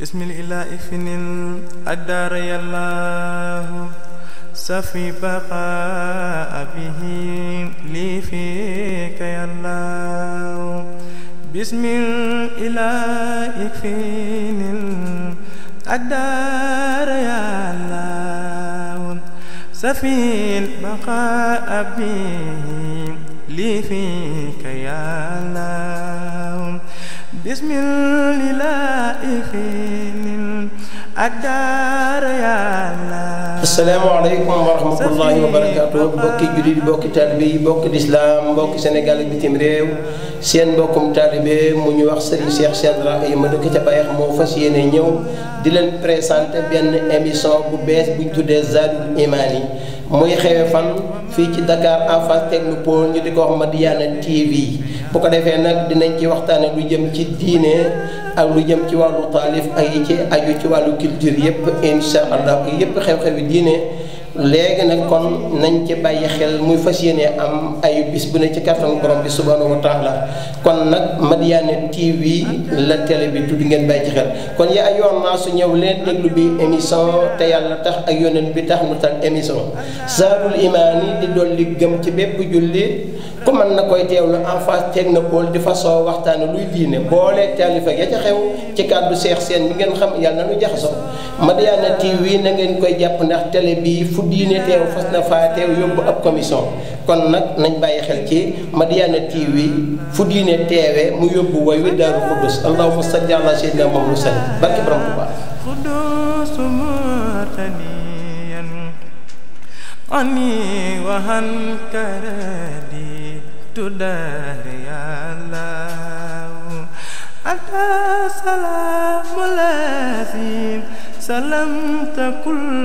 بسم الإله فنن الدار الله سفي بقاء به لي فيك يا الله بسم الإله فنن الدار يا الله سفي بقى به لي فيك يا الله bismillah ifinil adar ya Allah asalaamaaleykum wa rahmatullahi wa barakaatu mbokki jullit mbokki taalibe yi mbokki lislaam mbokki Sénégal bitim réew seen mbokkum taalibe mu ñu wax Serigne Cheikh Sène Rakhya ma dëkk ca Bayax moo fas yéene ñëw di leen présenté benn émission bu bees bu ñu tuddee Zadul yi muy xewe fan fii ci Dakar en face technopole ñu di ko wax Madiyana TV bu ko defee nag dinañ ci waxtaane lu jëm ci diine. ak lu jëm ci wàllu taalif ak yi ci aju ci wàllu culture yëpp incha allah yëpp xew-xewi diine léegi nak kon nañ ci bàyyi xel muy am ayubis bis bu ne ci kàttan borom bi subhanahu wa taala kon nak Madiyana TV la télé bi tudd ngeen bàyyi xel kon ya ayu naa su ñëw leen déglu bi émission te yàlla tax ak yonent bi tax mu tal émission zaadul imaan di dolli gëm ci bépp jullit ku mën na koy teewlu en face technopole di façon waxtaane luy diine boole taalifa ya ca xew ci kàddu seex seen bi ngeen xam nu TV na ngeen koy jàpp ndax télé bi fu diine teew fas na faa teew yóbbu ab commission kon nag nañ bàyyi xel ci Madiyana TV fu diine mu yóbbu way wi salli ala sayyidina borom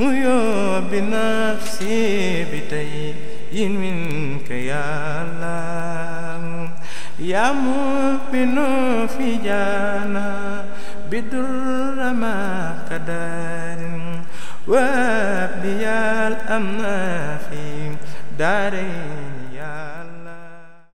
هيا بنفسي بتين منك يا الله يا مؤمن في جانا بدر ما قدر وابدي الأمن في دارين يا